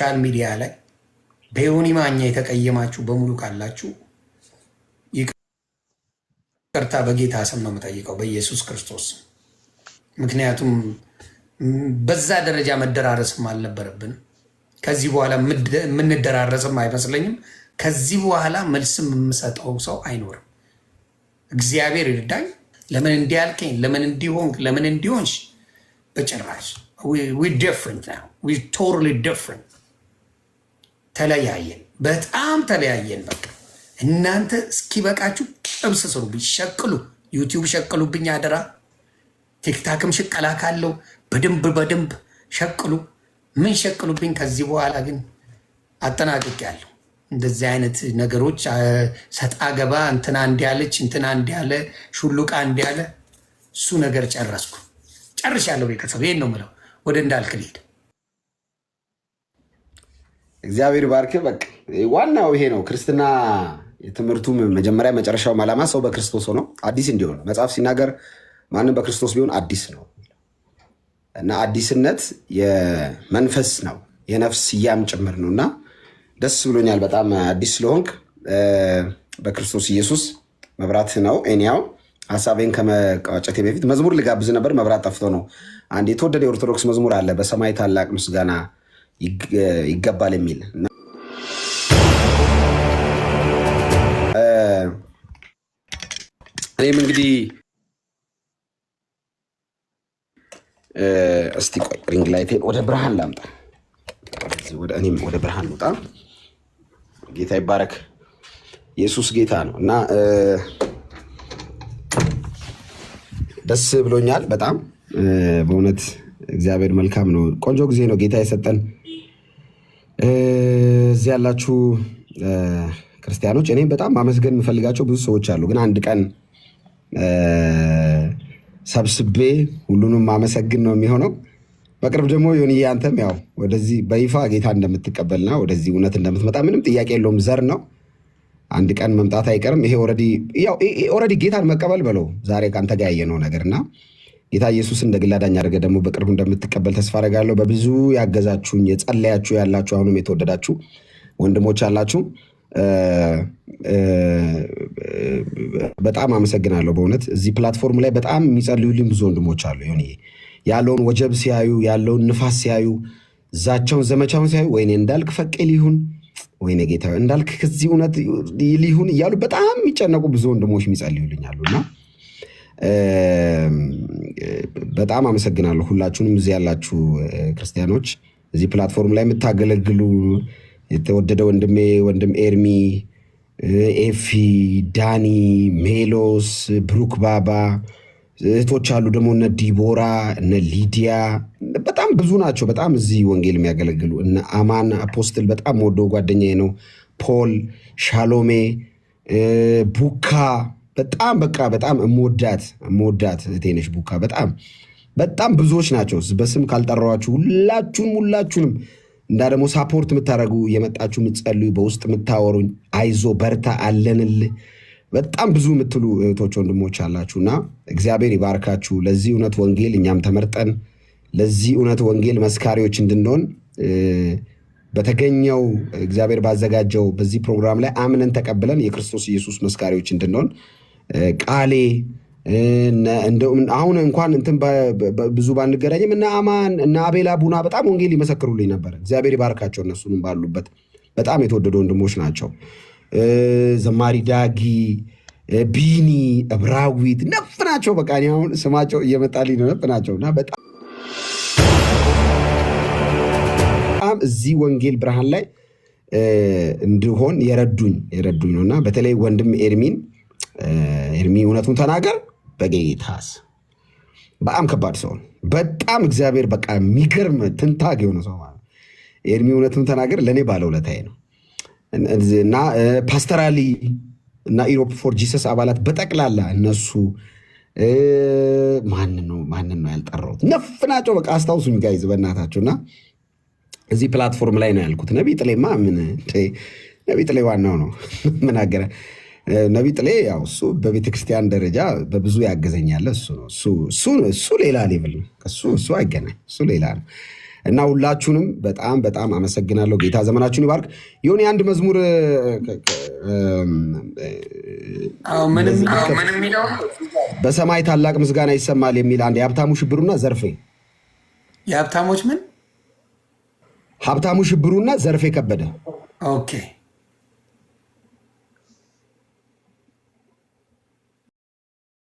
ሶሻል ሚዲያ ላይ በዮኒ ማኛ የተቀየማችሁ በሙሉ ካላችሁ ይቅርታ በጌታ ስም ነው የምጠይቀው፣ በኢየሱስ ክርስቶስ። ምክንያቱም በዛ ደረጃ መደራረስም አልነበረብንም። ከዚህ በኋላ የምንደራረስም አይመስለኝም። ከዚህ በኋላ መልስም የምሰጠው ሰው አይኖርም። እግዚአብሔር ይርዳኝ። ለምን እንዲያልከኝ፣ ለምን እንዲሆን፣ ለምን እንዲሆንሽ፣ በጭራሽ ዊ ዲፍረንት ናው ዊ ቶታሊ ዲፍረንት ተለያየን፣ በጣም ተለያየን። በቃ እናንተ እስኪበቃችሁ ጥብስ ስሩብኝ፣ ሸቅሉ። ዩቲዩብ ሸቅሉብኝ አደራ። ቲክታክም ሽቀላ ካለው በደንብ በደንብ ሸቅሉ። ምን ሸቅሉብኝ። ከዚህ በኋላ ግን አጠናቅቄያለሁ። እንደዚህ አይነት ነገሮች ሰጣ ገባ፣ እንትና እንዲያለች፣ እንትና እንዲያለ፣ ሹሉቃ እንዲያለ፣ እሱ ነገር ጨረስኩ፣ ጨርሻለሁ። ቤተሰብ ይሄን ነው የምለው። ወደ እንዳልክ ልሄድ እግዚአብሔር ባርክ። በቃ ዋናው ይሄ ነው። ክርስትና የትምህርቱ መጀመሪያ መጨረሻው ዓላማ ሰው በክርስቶስ ሆኖ አዲስ እንዲሆን መጽሐፍ ሲናገር ማንም በክርስቶስ ቢሆን አዲስ ነው እና አዲስነት የመንፈስ ነው የነፍስ ስያም ጭምር ነው እና ደስ ብሎኛል በጣም አዲስ ስለሆንክ በክርስቶስ ኢየሱስ መብራት ነው። ኒያው ሀሳቤን ከመቋጨቴ በፊት መዝሙር ልጋብዝ ነበር፣ መብራት ጠፍቶ ነው። አንድ የተወደደ የኦርቶዶክስ መዝሙር አለ በሰማይ ታላቅ ምስጋና ይገባል የሚል እኔም እንግዲህ እስቲ ቆይ ሪንግ ላይቴን ወደ ብርሃን ላምጣ። እኔም ወደ ብርሃን ልውጣ። ጌታ ይባረክ። ኢየሱስ ጌታ ነው እና ደስ ብሎኛል በጣም በእውነት እግዚአብሔር መልካም ነው። ቆንጆ ጊዜ ነው ጌታ የሰጠን። እዚህ ያላችሁ ክርስቲያኖች እኔም በጣም ማመስገን የምፈልጋቸው ብዙ ሰዎች አሉ፣ ግን አንድ ቀን ሰብስቤ ሁሉንም ማመሰግን ነው የሚሆነው። በቅርብ ደግሞ ዮኒዬ አንተም ያው ወደዚህ በይፋ ጌታ እንደምትቀበልና ወደዚህ እውነት እንደምትመጣ ምንም ጥያቄ የለውም። ዘር ነው አንድ ቀን መምጣት አይቀርም። ይሄ ኦልሬዲ ጌታን መቀበል በለው ዛሬ ከአንተ ጋር ያየነው ነገር እና ጌታ ኢየሱስ እንደ ግል አዳኝ አድርገህ ደግሞ በቅርቡ እንደምትቀበል ተስፋ አደርጋለሁ። በብዙ ያገዛችሁኝ የጸለያችሁ ያላችሁ አሁንም የተወደዳችሁ ወንድሞች አላችሁ። በጣም አመሰግናለሁ። በእውነት እዚህ ፕላትፎርም ላይ በጣም የሚጸልዩልኝ ብዙ ወንድሞች አሉ። ሆ ያለውን ወጀብ ሲያዩ፣ ያለውን ንፋስ ሲያዩ፣ እዛቸውን ዘመቻውን ሲያዩ ወይኔ እንዳልክ ፈቄ ሊሁን ወይኔ ጌታ እንዳልክ ከዚህ እውነት ሊሁን እያሉ በጣም የሚጨነቁ ብዙ ወንድሞች የሚጸልዩልኛሉ እና በጣም አመሰግናለሁ። ሁላችሁንም እዚህ ያላችሁ ክርስቲያኖች፣ እዚህ ፕላትፎርም ላይ የምታገለግሉ የተወደደ ወንድሜ ወንድም ኤርሚ፣ ኤፊ፣ ዳኒ፣ ሜሎስ፣ ብሩክ ባባ እህቶች አሉ ደግሞ እነ ዲቦራ እነ ሊዲያ በጣም ብዙ ናቸው። በጣም እዚህ ወንጌል የሚያገለግሉ እነ አማን አፖስትል በጣም ወደው ጓደኛዬ ነው። ፖል ሻሎሜ ቡካ በጣም በቃ በጣም እምወዳት እምወዳት እህቴ ነች ቡካ። በጣም በጣም ብዙዎች ናቸው በስም ካልጠራኋችሁ ሁላችሁንም ሁላችሁንም እንዳ ደግሞ ሳፖርት የምታደረጉ የመጣችሁ የምትጸልዩ በውስጥ የምታወሩኝ አይዞ በርታ አለንልህ በጣም ብዙ የምትሉ እህቶች ወንድሞች አላችሁና እግዚአብሔር ይባርካችሁ። ለዚህ እውነት ወንጌል እኛም ተመርጠን ለዚህ እውነት ወንጌል መስካሪዎች እንድንሆን በተገኘው እግዚአብሔር ባዘጋጀው በዚህ ፕሮግራም ላይ አምነን ተቀብለን የክርስቶስ ኢየሱስ መስካሪዎች እንድንሆን ቃሌ አሁን እንኳን እንትን ብዙ ባንገናኝም እነ አማን እነ አቤላ ቡና በጣም ወንጌል ይመሰክሩልኝ ነበር። እግዚአብሔር ይባርካቸው። እነሱንም ባሉበት በጣም የተወደዱ ወንድሞች ናቸው። ዘማሪ ዳጊ፣ ቢኒ፣ እብራዊት ነፍ ናቸው። በቃ አሁን ስማቸው እየመጣልኝ ነፍ ናቸው እና በጣም እዚህ ወንጌል ብርሃን ላይ እንድሆን የረዱኝ የረዱኝ ነው እና በተለይ ወንድም ኤርሚን ኤርሚ እውነቱን ተናገር። በጌታስ በጣም ከባድ ሰው በጣም እግዚአብሔር በቃ የሚገርም ትንታግ የሆነ ሰው ማለት ኤርሚ እውነቱን ተናገር ለእኔ ባለውለታዬ ነው እና ፓስተራሊ እና ኢሮፕ ፎር ጂሰስ አባላት በጠቅላላ እነሱ ማን ነው ማን ነው ያልጠራሁት? ነፍናቸው በቃ አስታውሱኝ ጋይዝ በእናታችሁ እና እዚህ ፕላትፎርም ላይ ነው ያልኩት። ነቢ ጥሌማ ምን ነቢ ጥሌ ዋናው ነው ምናገረ ነቢ ጥሌ ያው እሱ በቤተክርስቲያን ደረጃ በብዙ ያገዘኛለ እሱ ነው። እሱ ሌላ ሌብል ነው። እሱ እሱ አይገናኝ። እሱ ሌላ ነው እና ሁላችሁንም በጣም በጣም አመሰግናለሁ። ጌታ ዘመናችሁን ይባርክ። የሆነ የአንድ መዝሙር በሰማይ ታላቅ ምስጋና ይሰማል የሚል አንድ የሀብታሙ ሽብሩና ዘርፌ የሀብታሞች ምን ሀብታሙ ሽብሩና ዘርፌ ከበደ ኦኬ